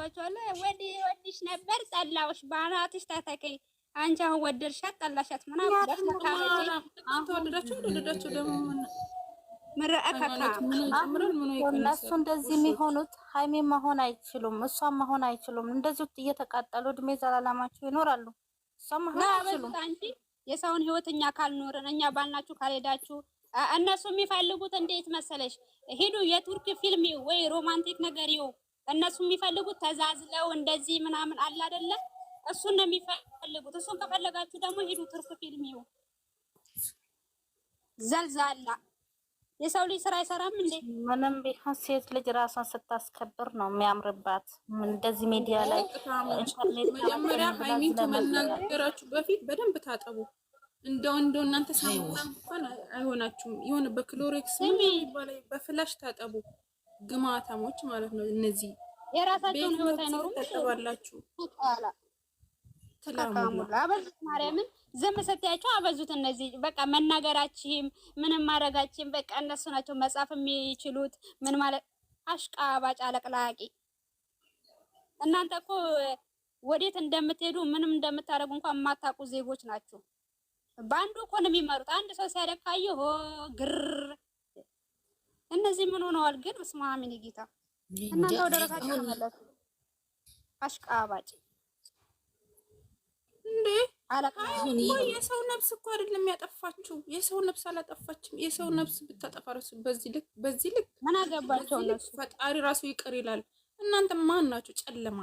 ገብቷቸዋል። ወዲ ወዲሽ ነበር ጠላዎች በአናትሽ ተተከይ አንቺ አሁን ወደድሻት ጠላሻት ምናምን አሁን እንደዚህ የሚሆኑት ሀይሜ መሆን አይችሉም፣ እሷም መሆን አይችሉም። እንደዚህ እየተቃጠሉ እድሜ ዘላለማቸው ይኖራሉ። እሷም መሆን አይችሉም። የሰውን ህይወት እኛ ካልኖርን እኛ ባልናችሁ ካልሄዳችሁ እነሱ የሚፈልጉት እንዴት መሰለሽ፣ ሂዱ የቱርክ ፊልም ወይ ሮማንቲክ ነገር ይው እነሱ የሚፈልጉት ተዛዝለው እንደዚህ ምናምን አለ አይደለ? እሱን ነው የሚፈልጉት። እሱን ከፈለጋችሁ ደግሞ ሂዱ ትርፍ ፊልም ይሁ ዘልዛላ የሰው ልጅ ስራ አይሰራም እንዴ? ምንም ቢሆን ሴት ልጅ ራሷን ስታስከብር ነው የሚያምርባት። እንደዚህ ሚዲያ ላይ መጀመሪያ ሃይሚን ከመናገራችሁ በፊት በደንብ ታጠቡ። እንደው እንደው እናንተ ሳሙና እንኳን አይሆናችሁም። የሆነ በክሎሬክስ ምን ይባላል በፍላሽ ታጠቡ። ግማታሞች ማለት ነው። እነዚህ የራሳቸውን ህይወት አይኖሩም። ተጠባላችሁ ተቃሙላ አበዙት፣ ማርያምን ዝም ስትያቸው አበዙት። እነዚህ በቃ መናገራችም ምንም ማድረጋችም በቃ እነሱ ናቸው መጻፍ የሚችሉት ምን ማለት አሽቃባጭ አለቅላቂ። እናንተ እኮ ወዴት እንደምትሄዱ ምንም እንደምታደርጉ እንኳን የማታውቁ ዜጎች ናችሁ። በአንዱ እኮ ነው የሚመሩት። አንድ ሰው ሲያደግ ግር እነዚህ ምን ሆነዋል ግን? በስመ አብ ጌታ እናንተ ወደ ራሳችሁ ተመለሱ። አሽቃባጭ እንዴ! የሰው ነፍስ እኮ አይደለም ያጠፋችሁ። የሰው ነፍስ አላጠፋችም። የሰው ነፍስ ብታጠፋ በዚህ ልክ በዚህ ልክ ምን አገባቸው? እነሱ ፈጣሪ ራሱ ይቅር ይላል። እናንተ ማን ናችሁ? ጨለማ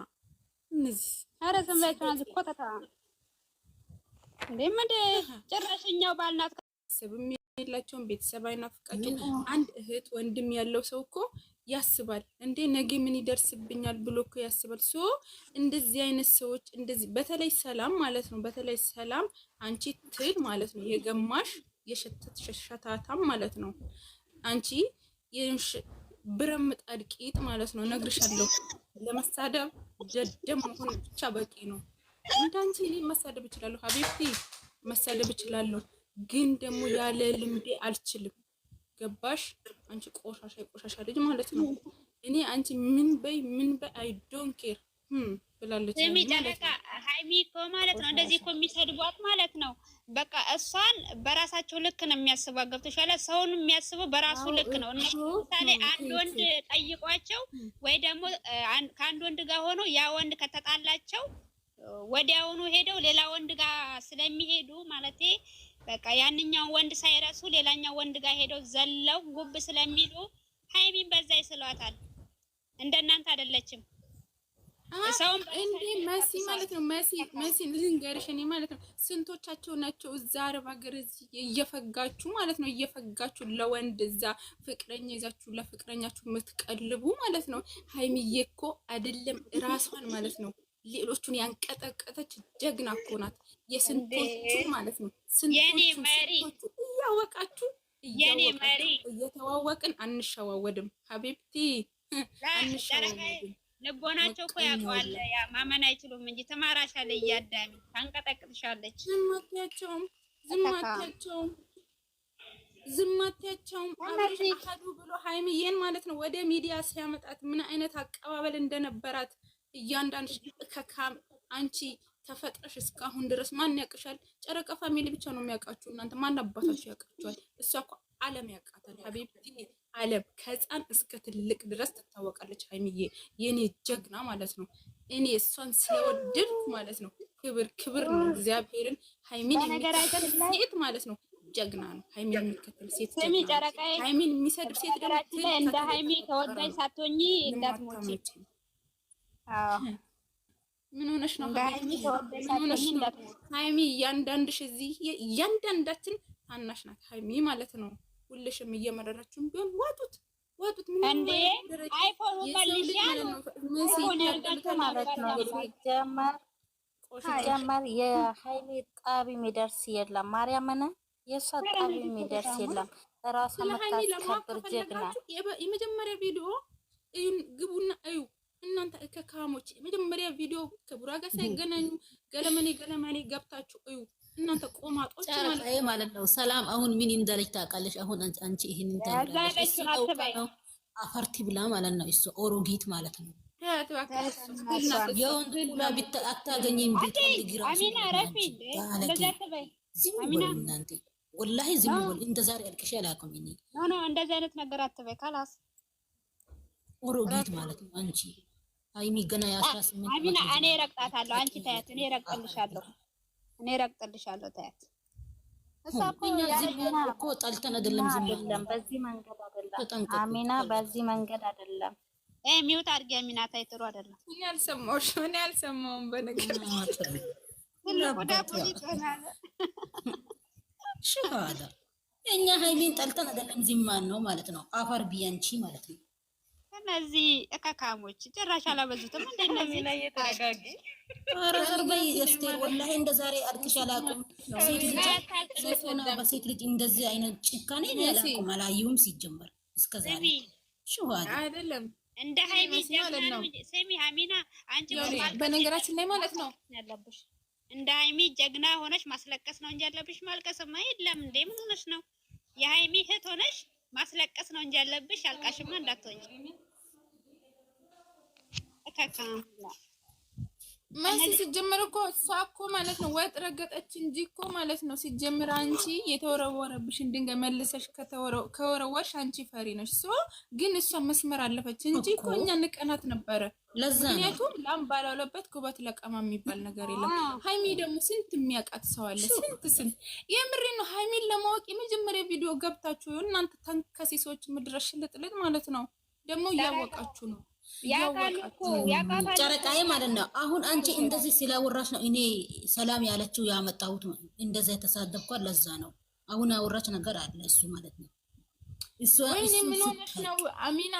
እነዚህ። አረ ዝም በያቸው። ናዚ ኮተታ እንዴ! ምንድ ጭራሽኛው ባልናት የላቸውም ቤተሰብ አይናፍቃቸው። አንድ እህት ወንድም ያለው ሰው እኮ ያስባል እንዴ ነገ ምን ይደርስብኛል ብሎ እኮ ያስባል። ሶ እንደዚህ አይነት ሰዎች እንደዚህ በተለይ ሰላም ማለት ነው። በተለይ ሰላም አንቺ ትል ማለት ነው የገማሽ የሸተት ሸሸታታም ማለት ነው። አንቺ ብረምጣ ድቂጥ ማለት ነው። ነግርሻለሁ፣ ለመሳደብ ጀደም መሆን ብቻ በቂ ነው። እንዳንቺ እኔ መሳደብ እችላለሁ፣ ሀቢብቲ መሳደብ እችላለሁ። ግን ደግሞ ያለ ልምዴ አልችልም። ገባሽ? አንቺ ቆሻሻ የቆሻሻ ልጅ ማለት ነው። እኔ አንቺ ምን በይ ምን በይ አይ ዶን ኬር ብላለች። ስሚ ሀይሚ እኮ ማለት ነው እንደዚህ እኮ የሚሰድቧት ማለት ነው። በቃ እሷን በራሳቸው ልክ ነው የሚያስበው። ገብቶሻል? ሰውን የሚያስበው በራሱ ልክ ነው። ምሳሌ አንድ ወንድ ጠይቋቸው ወይ ደግሞ ከአንድ ወንድ ጋር ሆኖ ያ ወንድ ከተጣላቸው ወዲያውኑ ሄደው ሌላ ወንድ ጋር ስለሚሄዱ ማለቴ በቃ ያንኛው ወንድ ሳይረሱ ሌላኛው ወንድ ጋር ሄደው ዘለው ጉብ ስለሚሉ ሀይሚን በዛ ይስሏታል። እንደናንተ አይደለችም። እንዴ መሲ ማለት ነው መሲ መሲ ልንገርሽ እኔ ማለት ነው ስንቶቻቸው ናቸው እዛ አረብ ሀገር እየፈጋችሁ ማለት ነው እየፈጋችሁ ለወንድ እዛ ፍቅረኛ ይዛችሁ ለፍቅረኛችሁ የምትቀልቡ ማለት ነው። ሀይሚዬ እኮ አይደለም ራሷን ማለት ነው ሌሎቹን ያንቀጠቀጠች ጀግና እኮ ናት። የስንቶቹ ማለት ነው ስንቶቹ እያወቃችሁ እየተዋወቅን አንሸዋወድም። ሀቢብቲ ልቦናቸው እኮ ያውቀዋል። ማመን አይችሉም እንጂ ትማራሻለች፣ እያዳሚ ታንቀጠቅጥሻለች። ዝም አትያቸውም፣ ዝም አትያቸውም፣ ዝም ካዱ ብሎ ሀይምዬን ማለት ነው ወደ ሚዲያ ሲያመጣት ምን አይነት አቀባበል እንደነበራት እያንዳንድ ከካም አንቺ ተፈጥረሽ እስካሁን ድረስ ማን ያቅሻል? ጨረቃ ፋሚሊ ብቻ ነው የሚያውቃችሁ። እናንተ ማን አባታችሁ ያውቃችኋል? እሷ እኮ ዓለም ያውቃታል። ሀቢብቲ ዓለም ከህፃን እስከ ትልቅ ድረስ ትታወቃለች። ሀይሚዬ የኔ ጀግና ማለት ነው። እኔ እሷን ስለወደድኩ ማለት ነው። ክብር ክብር ነው። እግዚአብሔርን ሀይሚን ሴት ማለት ነው ጀግና ነው። ሀይሚን የሚከተል ሴት ጀግና ነው። ሀይሚን የሚሰድብ ሴት ደግሞ እንደ ሀይሚ ተወዳጅ ሳትሆኚ ምን ሆነሽ ነው? ሀይሚ እያንዳንድሽ እዚህ እያንዳንዳችን ታናሽ ናት ሀይሚ ማለት ነው። ሁልሽም እየመረራችሁም ቢሆን ዋጡት ወጡት እንዴ አይፎኑ መልሻል ማለት ነው። ሲጀመር ሲጀመር የሀይሚ ጣቢ የሚደርስ የለም። ማርያምን የእሷ ጣቢ የሚደርስ የለም። ራሷ መታስከብር ጀግና የመጀመሪያ ቪዲዮ ግቡና እዩ እናንተ እከካሞች መጀመሪያ ቪዲዮ ከቡራ ጋር ሳይገናኙ ገለመኔ ገለመኔ ገብታችሁ እዩ። እናንተ ቆማጦች ማለት ነው። ሰላም አሁን ምን እንዳለች ታውቃለች? አሁን አንቺ ይሄን አፈርቲ ብላ ማለት ነው። እሱ ኦሮጊት ማለት ነው። አታገኝም። ወላሂ ዝም እንደ ዛሬ አልቅሼ አላውቅም። እንደዚህ አይነት ነገር አትበይ። ካላስ ኦሮጊት ማለት ነው አንቺ ሀይሚ ገና የአስራ ስምንት አቢና እኔ እረግጣታለሁ። አንቺ ታያት፣ እኔ እረግጥልሻለሁ፣ እኔ እረግጥልሻለሁ። ታያት እሷ እኮ ጠልተን አይደለም፣ ዝም ብለን በዚህ መንገድ አይደለም። አሚና በዚህ መንገድ አይደለም። ይሄ ሚውት አድርጊ አሚና። ታይ ጥሩ አይደለም። እኔ አልሰማሁሽም፣ እኔ አልሰማሁም። በነገር እኛ ሀይሚን ጠልተን አይደለም፣ ማለት ነው። አፈር ቢያንቺ ማለት ነው እነዚህ እከካሞች ጭራሽ አላበዙትም። እንደነዚህ ላይ የተረጋጊ አረርበይ ወላሂ እንደ ዛሬ አድክሽ አላውቅም። ልጅ በሴት ልጅ እንደዚህ አይነት ጭካኔ ያላቁም አላየሁም። ሲጀመር እስከዛሬ ሽዋል እንደ ሀይሚ ስሚ ሀሚና አንቺ በነገራችን ላይ ማለት ነው ያለብሽ እንደ ሀይሚ ጀግና ሆነሽ ማስለቀስ ነው እንጂ ያለብሽ ማልቀስማ የለም። እንደ ምን ሆነሽ ነው የሀይሚ እህት ሆነሽ ማስለቀስ ነው እንጂ ያለብሽ አልቃሽማ እንዳትሆኝ። መሲ ሲጀምር እኮ እሷ እኮ ማለት ነው ወጥ ረገጠች እንጂ እኮ ማለት ነው። ሲጀምር አንቺ የተወረወረብሽን ድንጋይ መልሰሽ ከወረወርሽ አንቺ ፈሪ ነሽ። ሶ ግን እሷ መስመር አለፈች እንጂ እኮ እኛ ንቀናት ነበረ። ምክንያቱም ላም ባላለበት ኩበት ለቀማ የሚባል ነገር የለም። ሀይሚ ደግሞ ስንት የሚያውቃት ሰው አለ። ስንት ስንት የምሬ ነው። ሀይሚን ለማወቅ የመጀመሪያ ቪዲዮ ገብታችሁ እናንተ ተንከሴሶች ምድረሽ ልጥልጥ ማለት ነው። ደግሞ እያወቃችሁ ነው ጨረቃዬ ማለት ነው። አሁን አንቺ እንደዚህ ስላወራሽ ነው እኔ ሰላም ያለችው ያመጣሁት እንደዛ የተሳደብኳት ለዛ ነው። አሁን አወራች ነገር አለ እሱ ማለት ነው። ነው አሚና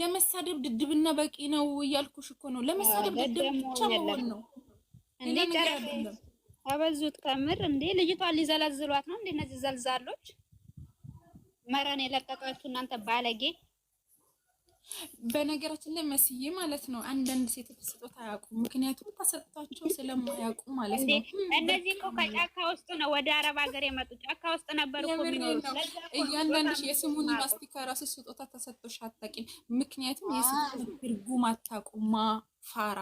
ለመሳደብ ድድብና በቂ ነው እያልኩሽ እኮ ነው። ለመሳደብ ድድብ ብቻ መሆን ነው። አበዙት ከምር እንዴ ልጅቷ ሊዘላዝሏት ነው እንዴ እነዚህ ዘልዛሎች መረን የለቀቃችሁ እናንተ ባለጌ በነገራችን ላይ መስዬ ማለት ነው አንዳንድ ሴቶች ስጦታ አያውቁም። ምክንያቱም ተሰጥቷቸው ስለማያውቁ ማለት ነው። እነዚህ እኮ ከጫካ ውስጥ ነው ወደ አረብ ሀገር የመጡ ጫካ ውስጥ ነበር ነው። እያንዳንድ የስሙን ማስቲካ ራሱ ስጦታ ተሰጥቶሽ አታውቂም። ምክንያቱም የስጦታ ትርጉም አታውቁማ ፋራ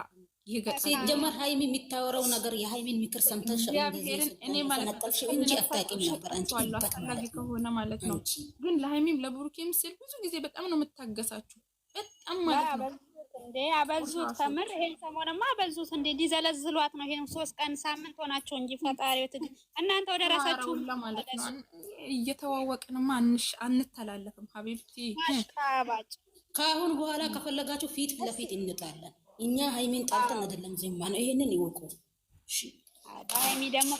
ሲጀመር ሀይሚ የሚታወረው ነገር የሀይሚን ምክር ሰምተሽ ነጠልሽ እንጂ አታውቂም ነበር አንቺ ከሆነ ማለት ነው። ግን ለሀይሚም ለብሩኬም ስል ብዙ ጊዜ በጣም ነው የምታገሳችሁ በጣም ማለት ነው አበዙት። ከምር ይሄን ሰሞንማ አበዙት እንዴ ነው። ይሄን ሶስት ቀን ሳምንት ሆናቸው እንጂ ፈጣሪው እናንተ ወደ ራሳችሁ እየተዋወቅንማ አንሽ አንተላለፍም ሀቢብቲ ከአሁን በኋላ ከፈለጋችሁ ፊት ለፊት እንጣለን። እኛ ሀይሜን ጣልተን አይደለም ዜማ ነው። ይሄንን ይወቁ እሺ። ሀይሚ ደግሞ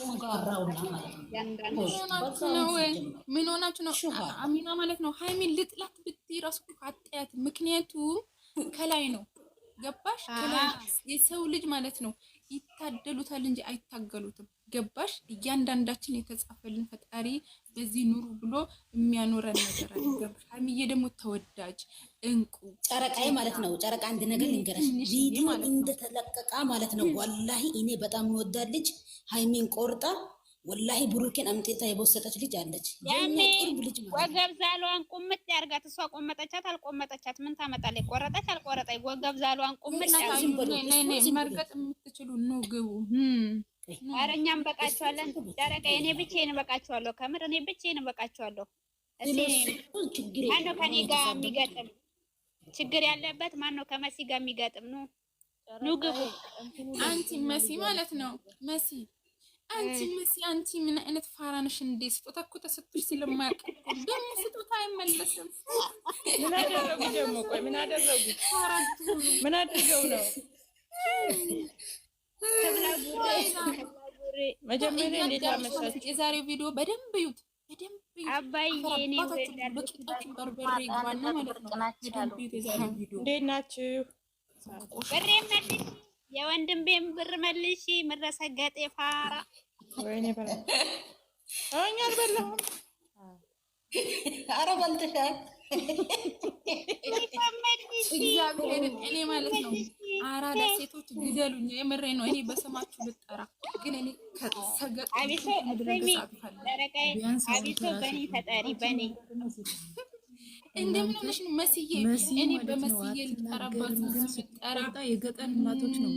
ምን ሆናችሁ ነው? አሚና ማለት ነው ሀይሚን ልጥላት ብትይ እራሱ አጠያት። ምክንያቱም ከላይ ነው ገባሽ? የሰው ልጅ ማለት ነው ይታደሉታል እንጂ አይታገሉትም። ገባሽ? እያንዳንዳችን የተጻፈልን ፈጣሪ በዚህ ኑሩ ብሎ የሚያኖረን ነገር አለ። ገባሽ? ሀይሚዬ ደግሞ ተወዳጅ እንቁ ጨረቃዬ ማለት ነው። ጨረቃ አንድ ነገር ልንገረሽ፣ ቪዲዮ እንደተለቀቃ ማለት ነው። ወላሂ እኔ በጣም የምወዳት ልጅ ሀይሚን ቆርጣ ወላሂ ብሩኬን አምጤታ የበሰጠች ልጅ አለች። ቅርብ ልጅ ወገብ ዛሏን ቁምጥ ያርጋት። እሷ ቆመጠቻት አልቆመጠቻት ምን ታመጣለች? ቆረጠች አልቆረጠች፣ ወገብ ዛሏን ቁምጥ መርገጥ የምትችሉ ኑ ግቡ ኧረ እኛ እንበቃቸዋለን። ደረቀ እኔ ብቻዬን እበቃቸዋለሁ። ከምር እኔ ብቻዬን እበቃቸዋለሁ። ማነው ከኔ ጋር የሚገጥም ችግር ያለበት? ማነው ከመሲ ጋር የሚገጥም? ኑ ኑ ግቡ። አንቲ መሲ ማለት ነው። መሲ አንቲ መሲ አንቲ ምን አይነት ፋራንሽ እንዴ? ስጦታ እኮ ተሰጥቶሽ ስለማያውቅ ደግሞ ስጦታ አይመለስም። ምን አደረጉ ደግሞ? ቆይ ምን አደረጉ? ምን አድርገው ነው መጀመሪያ እንዴት አመሳችሁ? የዛሬው ቪዲዮ በደንብ ይዩት። እንዴት ናችሁ? ብሬ መልሽ፣ የወንድሜን ብር መልሽ። ምረሰገጤ ፋራ ወይኔ በላ እኛ አልበላሁም። ኧረ በልተሻል እግዚአብሔርን እኔ ማለት ነው አራዳ ሴቶች ግደሉኝ። የምሬ ነው። እኔ በስማችሁ ልጠራ ግን እኔ ከሰገጥ እንደምን ነው መስዬ? እኔ በመስዬ ልጠራባት ስጠራ የገጠር እናቶች ነው።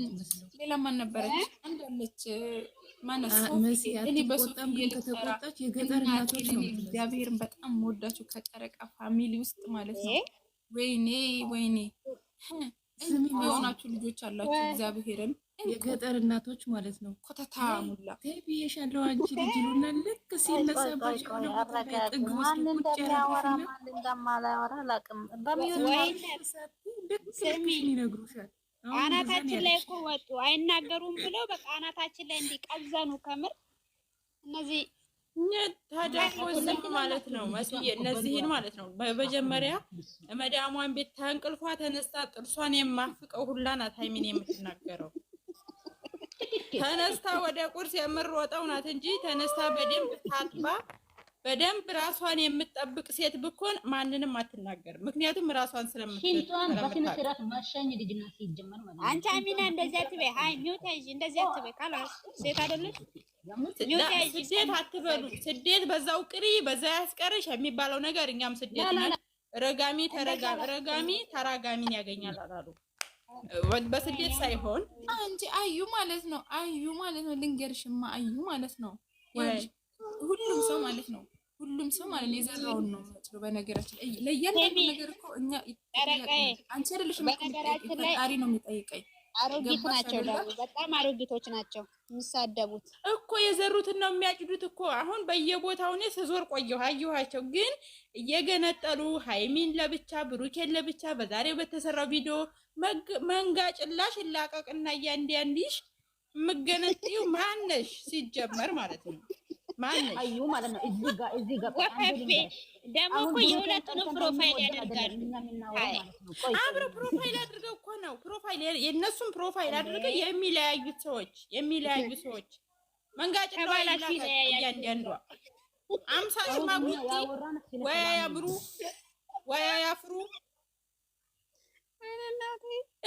ሌላ ማን ነበረች? አንዳለች ከተቆጣች የገጠር እናቶች ነው። እግዚአብሔርን በጣም ወዳችሁ ከጨረቃ ፋሚሊ ውስጥ ማለት ነው። ወይኔ ወይኔ የሆናችሁ ልጆች አላችሁ። እግዚአብሔርን የገጠር እናቶች ማለት ነው። ኮተታ ሙላ ብዬሽ አንቺ ልጅ ይሉና ልክ ሲነሳባሽ ጥግ ቁጭ ያደረግና ልክ ልክሽን ይነግሩሻል አናታችን ላይ እኮ ወጡ። አይናገሩም ብለው በቃ አናታችን ላይ እንዲቀዘኑ ከምር እነዚህ ታዳፎ ዝም ማለት ነው መስዬ እነዚህን ማለት ነው። በመጀመሪያ መዳሟን ቤት ተንቅልፏ ተነስታ ጥርሷን የማፍቀው ሁላ ናት ሀይሚን የምትናገረው ተነስታ ወደ ቁርስ የምሮጠው ናት እንጂ ተነስታ በደንብ ታጥባ በደንብ ራሷን የምትጠብቅ ሴት ብኮን ማንንም አትናገር። ምክንያቱም ራሷን ስለምትሽንቷን በስነ ስርዓት ማሻኝ ልጅ ናት። ሲጀመር ማለት አንቺ አሚና እንደዚህ አትበይ። አይ ኒውታ እንደዚህ አትበይ። ካላስ ሴት አይደለች። ስደት አትበሉ። ስደት በዛው ቅሪ፣ በዛ ያስቀርሽ የሚባለው ነገር እኛም ስደት ረጋሚ ተረጋሚ ተራጋሚን ያገኛል አላሉ በስደት ሳይሆን አንቺ አዩ ማለት ነው። አዩ ማለት ነው። ልንገርሽማ አዩ ማለት ነው። ሁሉም ሰው ማለት ነው ሁሉም ሰው ማለት ነው የዘራውን ነው የሚያጭደው። በነገራችን ላይ ለእያንዳንዱ ነገር እኮ እኛ አንቺ አይደለሽ ፈጣሪ ነው የሚጠይቀኝ። አሮጊት ናቸው ደግሞ በጣም አሮጊቶች ናቸው የሚሳደቡት እኮ የዘሩትን ነው የሚያጭዱት እኮ። አሁን በየቦታው እኔ ስዞር ቆየሁ አየኋቸው፣ ግን እየገነጠሉ ሀይሚን ለብቻ ብሩኬን ለብቻ በዛሬው በተሰራው ቪዲዮ መንጋ ጭላሽ እላቀቅና እያንዲያንዲሽ የምገነጥዩ ማነሽ ሲጀመር ማለት ነው አዩ ማለት ነው። እዚህ ጋር እዚህ ጋር ደግሞ እኮ የሁለቱንም ፕሮፋይል ያደርጋሉ። አብሮ ፕሮፋይል አድርገው እኮ ነው ፕሮፋይል የእነሱም ፕሮፋይል አድርገው የሚለያዩ ሰዎች የሚለያዩ ሰዎች መንጋጭ እያንዳንዷ አምሳ ሽማግሌ ወይ ያምሩ ወይ ያፍሩ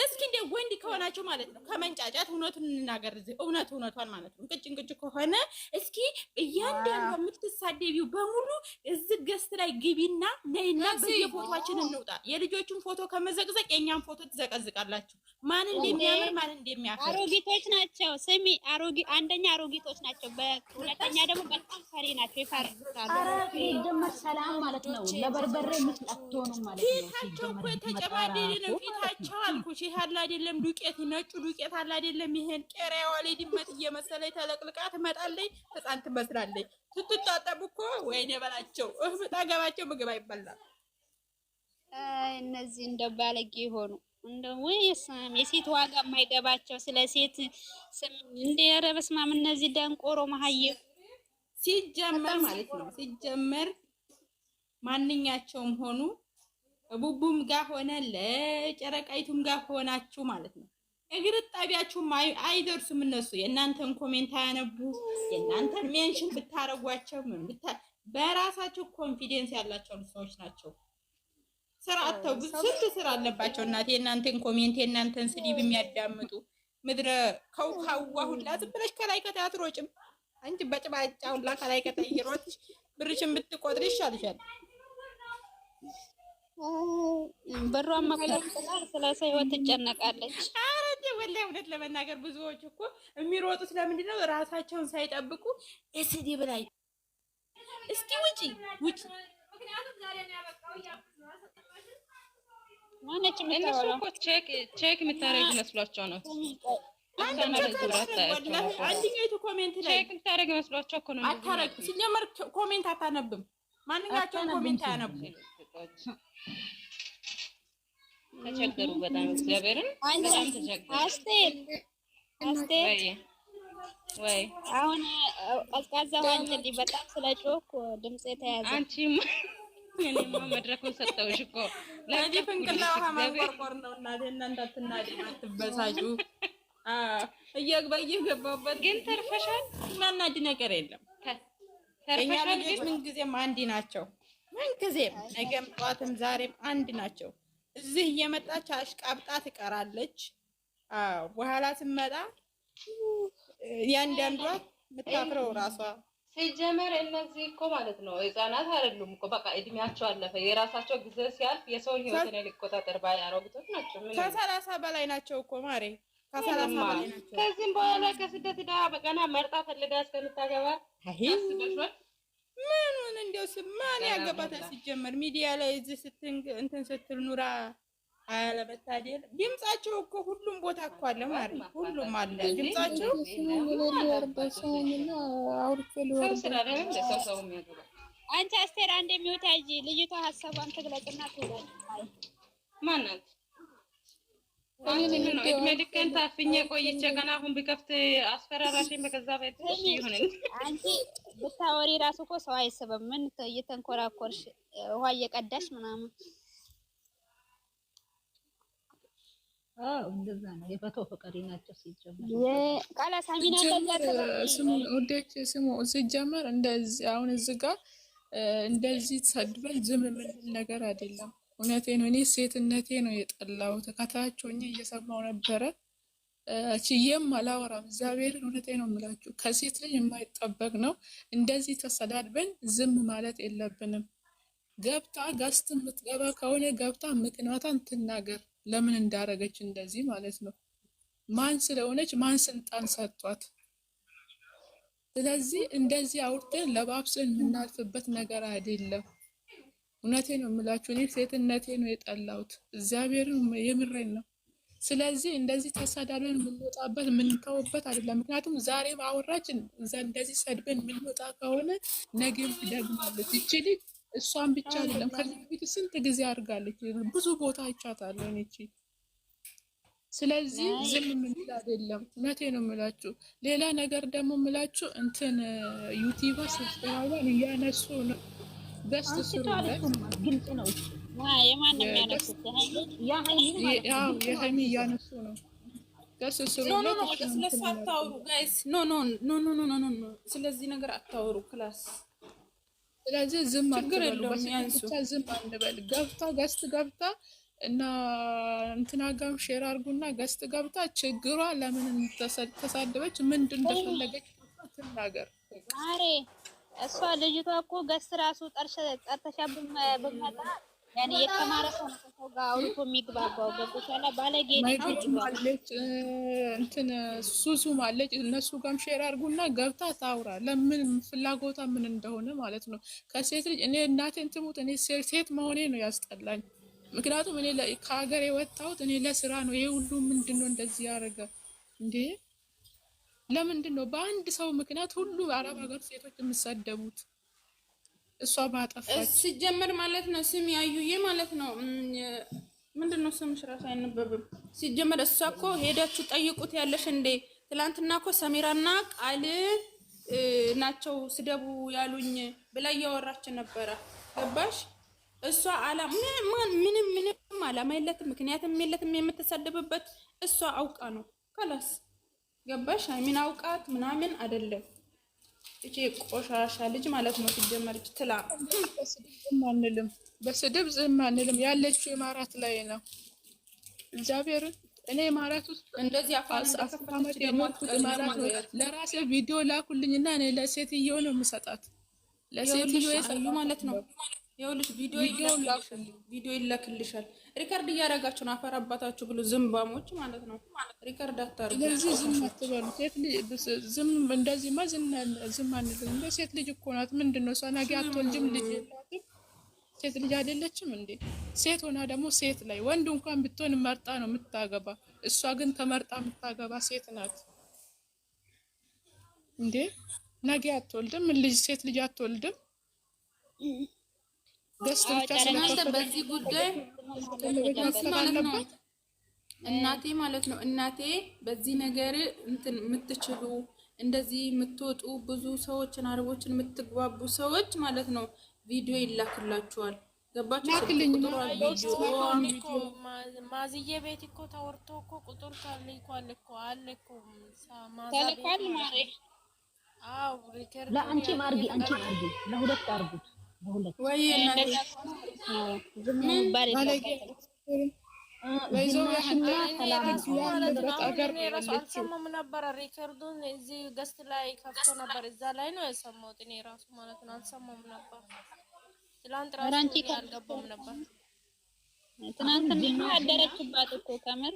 እስኪ እንደ ወንድ ከሆናችሁ ማለት ነው ከመንጫጫት እውነቱን እንናገር። እውነት እውነቷን ማለት ነው። ቅጭ ቅጭ ከሆነ እስኪ እያንዳንዱ የምትሳደቢው በሙሉ እዚህ ገስት ላይ ግቢና ነይና በየፎቷችን እንውጣ። የልጆቹን ፎቶ ከመዘቅዘቅ የእኛን ፎቶ ትዘቀዝቃላችሁ። ማን እንደሚያምር ማን እንደሚያፈር አሮጊቶች ናቸው። ስሚ አሮጊ አንደኛ አሮጊቶች ናቸው። በሁለተኛ ደግሞ በጣም ፈሪ ናቸው። ይፈራሉ። ሲጀመር ሰላም ማለት ነው። ለበርበሬ ምትል አትሆኑም ማለት ነው። ፊታቸው እኮ ነው። ፊታቸው አልኩሽ ይህ አለ አይደለም ዱቄት፣ ነጩ ዱቄት አለ አይደለም ይሄን ቄራዋ ላይ ድመት እየመሰለኝ ተለቅልቃ ትመጣለኝ። ህፃን ትመስላለኝ። ስትታጠብ እኮ ወይኔ በላቸው ጠገባቸው ምግብ አይበላም። እነዚህ እንደ ባለጌ የሆኑ እንደ ወይስም የሴት ዋጋ የማይገባቸው ስለ ሴት እንደ ኧረ በስመ አብ እነዚህ ደንቆሮ መሀየብ ሲጀመር ማለት ነው ሲጀመር ማንኛቸውም ሆኑ ቡቡም ጋር ሆነ ለጨረቃይቱም ጋር ሆናችሁ ማለት ነው። እግር ጣቢያችሁም አይደርሱም እነሱ የእናንተን ኮሜንት አያነቡ የእናንተን ሜንሽን ብታረጓቸው በራሳቸው ኮንፊደንስ ያላቸው ሰዎች ናቸው። ስራ አጥተው ስንት ስራ አለባቸው። እናቴ የእናንተን ኮሜንት የእናንተን ስድብ የሚያዳምጡ ምድረ ከውካዋ ሁላ ዝም ብለሽ ከላይ ከታይ አትሮጭም። አንቺ በጭባጫ ሁላ ከላይ ከታይ እየሮጥሽ ብርሽን ብትቆጥሪ ይሻልሻል። በሩ አማካኝ ስለሰው ህይወት ትጨነቃለች። ኧረ እንደ ወላሂ እውነት ለመናገር ብዙዎች እኮ የሚሮጡት ለምንድን ነው? ራሳቸውን ሳይጠብቁ እስዲ ብላኝ እስኪ ውጪ ውጪ እነሱ እኮ ቼክ ቼክ የምታደርግ መስሏቸው ነው። አንደኛቱ ኮሜንት ላይ ቼክ የምታደርግ መስሏቸው እኮ ነው። አታረግ ሲጀመር ኮሜንት አታነብም። ማንኛቸውን ኮሜንት አያነቡም። ያስገባችሁ። ተቸገሩ በጣም እግዚአብሔርን በጣም ተቸገሩ። ወይ አሁን ቀዝቃዛ ሆኜ እንዲህ በጣም ስለጮኩ ድምጼ ተያዘ። አንቺማ እኔማ መድረኩን ሰጠሁሽ እኮ ለዚህ ፍንቅላ ውሃ ማንቆርቆር ነው። እናቴ እና እንዳትናደድ አትበሳጩ። እየግባየ ገባበት ግን ተርፈሻል። የሚያናድ ነገር የለም። ተርፈሻል ግን ምንጊዜም አንዲ ናቸው። ሁልጊዜም ነገም ጠዋትም ዛሬም አንድ ናቸው። እዚህ እየመጣች አሽቃብጣ ትቀራለች። በኋላ ትመጣ ያንዳንዷ የምታፍረው ራሷ ሲጀመር እነዚህ እኮ ማለት ነው ህጻናት አይደሉም እኮ በቃ እድሜያቸው አለፈ። የራሳቸው ጊዜ ሲያልፍ የሰውን ህይወትን ሊቆጣጠር ባይ አሮጊቶች ናቸው። ከሰላሳ በላይ ናቸው እኮ ማሬ፣ ከሰላሳ በላይ ናቸው። ከዚህም በኋላ ከስደት ዳ በቀና መርጣ ፈልጋ እስከምታገባ ምን ሆነ እንዲያው ስማን ያገባታል። ሲጀመር ሚዲያ ላይ እዚህ ስትንግ እንትን ስትል ኑራ በታዲያ ድምጻቸው እኮ ሁሉም ቦታ እኮ አለ ማለት ሁሉም አለ ድምጻቸው። አንቺ አስቴር አንድ የሚወታ ልጅቷ ሀሳቧን ትግለጽና ትውላለች። ማናት እድሜልክን ታፍኜ ቆይቼ ገና አሁን ቢከፍት በገዛ ቤት አንቺ ብታወሪ ራሱ እኮ ሰው አይስብም። ምን እየተንኮራኮርሽ ውሃ እየቀዳሽ ምናምን እንደዛ ነው። የፈቶ ናቸው ሲጀመር ስሙ ሲጀመር እንደዚህ አሁን እዚህ ጋር እንደዚህ ዝም የምንል ነገር አይደለም። እውነቴ ነው። እኔ ሴትነቴ ነው የጠላሁት። ከታች ሆኜ እየሰማው ነበረ ችዬም አላወራም። እግዚአብሔርን እውነቴ ነው የምላችሁ ከሴት ልጅ የማይጠበቅ ነው። እንደዚህ ተሰዳድበን ዝም ማለት የለብንም። ገብታ ገስት የምትገባ ከሆነ ገብታ ምክንያቷን ትናገር፣ ለምን እንዳረገች እንደዚህ ማለት ነው። ማን ስለሆነች ማን ስልጣን ሰጥቷት? ስለዚህ እንደዚህ አውርተን ለባብሰን የምናልፍበት ነገር አይደለም። እውነቴ ነው የምላችሁ። እኔ ሴትነቴ ነው የጠላሁት። እግዚአብሔርን የምሬን ነው። ስለዚህ እንደዚህ ተሳዳብን የምንወጣበት የምንተውበት አይደለም። ምክንያቱም ዛሬ ባወራችን እንደዚህ ሰድበን የምንወጣ ከሆነ ነገም ደግማለች ይቺ ልጅ። እሷን ብቻ አይደለም ከዚህ በፊት ስንት ጊዜ አድርጋለች። ብዙ ቦታ ይቻታለን ይቺ ስለዚህ ዝም የምንል አይደለም። እውነቴ ነው የምላችሁ። ሌላ ነገር ደግሞ የምላችሁ እንትን ዩቲዩበር ስብስራዋን እያነሱ ነው ግልጽ ነው። የሀይሚ ስለዚህ ነገር አታወሩ ክላስ። ስለዚህ ዝም ዝም አንበል። ገብታ ገስት ገብታ እና እንትና ጋም ሼር አድርጉና ገስት ገብታ ችግሯ ለምን ተሳደበች፣ ምንድን እንደፈለገች ትናገር። እሷ ልጅቷ እኮ ገስ ራሱ ጠርተሻ ብመጣ ያኔ የተማረ ሰው ጋር አውልቶ የሚግባባው ገብቶሻል። ባለጌ ማለች እንትን እነሱ ሼር አድርጉና ገብታ ታውራ ለምን ፍላጎታ ምን እንደሆነ ማለት ነው። ከሴት ልጅ እኔ እናቴን ትሙት እኔ ሴት መሆኔ ነው ያስጠላኝ። ምክንያቱም እኔ ከሀገር የወጣሁት እኔ ለስራ ነው። ይሄ ሁሉ ምንድን ነው እንደዚህ ያደረገ እንዴ? ለምንድን ነው በአንድ ሰው ምክንያት ሁሉ አረብ ሀገር ሴቶች የምሰደቡት? እሷ ባጠፋች ሲጀመር ማለት ነው። ስም ያዩዬ ማለት ነው። ምንድን ነው ስምሽ ራሱ አይነበብም ሲጀመር። እሷ እኮ ሄዳችሁ ጠይቁት ያለሽ እንዴ? ትላንትና እኮ ሰሜራና ቃል ናቸው ስደቡ ያሉኝ ብላ እያወራች ነበረ። ገባሽ? እሷ አላማ ምንም ምንም አላማ የለትም፣ ምክንያትም የለትም። የምትሰደብበት እሷ አውቃ ነው ከላስ ገባሽ? አይሚን አውቃት ምናምን አይደለም። እቺ ቆሻሻ ልጅ ማለት ነው። ሲጀመርች ትላ ዝም አንልም፣ በስድብ ዝም አንልም። ያለችው የማራት ላይ ነው። እግዚአብሔር እኔ ማራት ውስጥ እንደዚህ አፋስ አስፋመት የሞትኩት ማራት ነው። ለራሴ ቪዲዮ ላኩልኝና እኔ ለሴትየው ነው የምሰጣት። ለሴትዮ የሰዩ ማለት ነው ይኸውልሽ ቪዲዮ ይለክልሻል። ሪከርድ እያደረጋችሁ ነው። አፈር አባታችሁ ብሎ ዝምባሞች ማለት ነው። ሪከርድ አታርጉ። ለዚህ ዝም አትበሉ። ሴት ልጅ ዝም እንደዚህማ ዝም አንልም። እንደ ሴት ልጅ እኮ ናት። ምንድን ነው እሷ ነገ አትወልጅም፣ ልጅ የላትም። ሴት ልጅ አይደለችም እንዴ? ሴት ሆና ደግሞ ሴት ላይ ወንድ እንኳን ብትሆን መርጣ ነው የምታገባ። እሷ ግን ተመርጣ የምታገባ ሴት ናት እንዴ? ነገ አትወልድም፣ ልጅ ሴት ልጅ አትወልድም። እናንተ በዚህ ጉዳይ ማለት ነው እናቴ ማለት ነው እናቴ በዚህ ነገር እንትን የምትችሉ እንደዚህ የምትወጡ ብዙ ሰዎችን አረቦችን የምትግባቡ ሰዎች ማለት ነው ቪዲዮ ይላክላችኋል። ገባችሁ? ማዝዬ ቤት እኮ ተወርቶ እኮ ቁጥር ተልኳል እኮ አለ እኮ ተልኳል። ማሬ ለአንቺም አርጊ፣ አንቺም አርጊ፣ ለሁለት አርጉት አልሰማሁም ነበረ። ሪከርዱን እዚህ ገስት ላይ ከፍቶ ነበር። እዛ ላይ ነው የሰማሁት እኔ እራሱ ማለት ነው። አልሰማሁም ነበር ትናንት እራሱ አልገባሁም ነበር። ትናንትና አደረችባት እኮ ከምር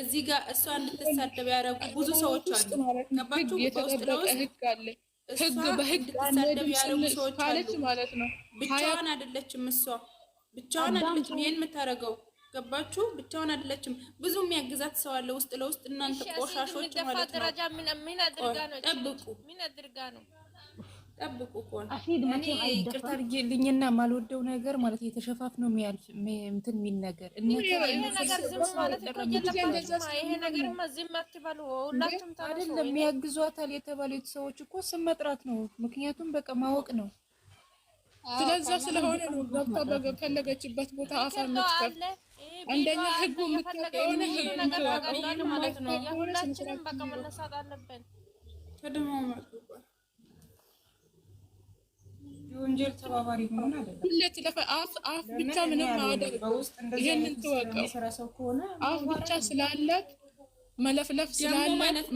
እዚህ ጋር እሷ እንድትሳደብ ያደረጉ ብዙ ሰዎች አሉ። ገባችሁ? በውስጥ ለውስጥ ህግ በህግ እንድትሳደብ ያደረጉ ሰዎች አሉ ማለት ነው። ብቻዋን አይደለችም፣ እሷ ብቻዋን አይደለችም ይሄን የምታደርገው። ገባችሁ? ብቻዋን አይደለችም። ብዙ የሚያግዛት ሰው አለ ውስጥ ለውስጥ። እናንተ ቆሻሾች ማለት ነው። ጠብቁ። ጠብቁ እኮ ይቅርታ አድርጌልኝና የማልወደው ነገር ማለት የተሸፋፍ ነው የሚያልፍ እንትን የሚል ነገር አይደለም። የሚያግዟታል የተባሉት ሰዎች እኮ ስም መጥራት ነው። ምክንያቱም በቃ ማወቅ ነው። ስለዛ ስለሆነ ነው ገብታ በፈለገችበት ቦታ አፋር ምትከፍት። አንደኛ ህጉ የምታቀሆነ ህግ ማለት ነው። ሁላችንም በቃ መነሳት አለብን። ከደሞ መጡ ወንጀል ተባባሪ ሆኖ አይደለም። ሁለት ለፈ አፍ አፍ ብቻ ምንም አያደርግ። ይሄንን ትወቀው። አፍ ብቻ ስላላት መለፍለፍ ስላላት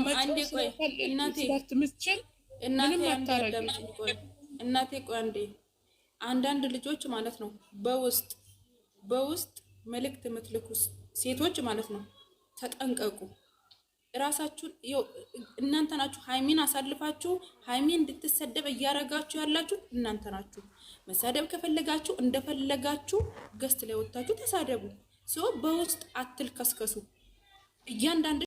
መጥፋት ምትችል ምንም አታረግም። እናቴ ቆይ አንዴ። አንዳንድ ልጆች ማለት ነው በውስጥ በውስጥ መልእክት የምትልኩ ሴቶች ማለት ነው ተጠንቀቁ። ራሳችሁን እናንተ ናችሁ። ሀይሚን አሳልፋችሁ ሀይሚን እንድትሰደብ እያረጋችሁ ያላችሁ እናንተ ናችሁ። መሳደብ ከፈለጋችሁ እንደፈለጋችሁ ገስት ላይ ወጥታችሁ ተሳደቡ። ሰው በውስጥ አትልከስከሱ። እያንዳንድ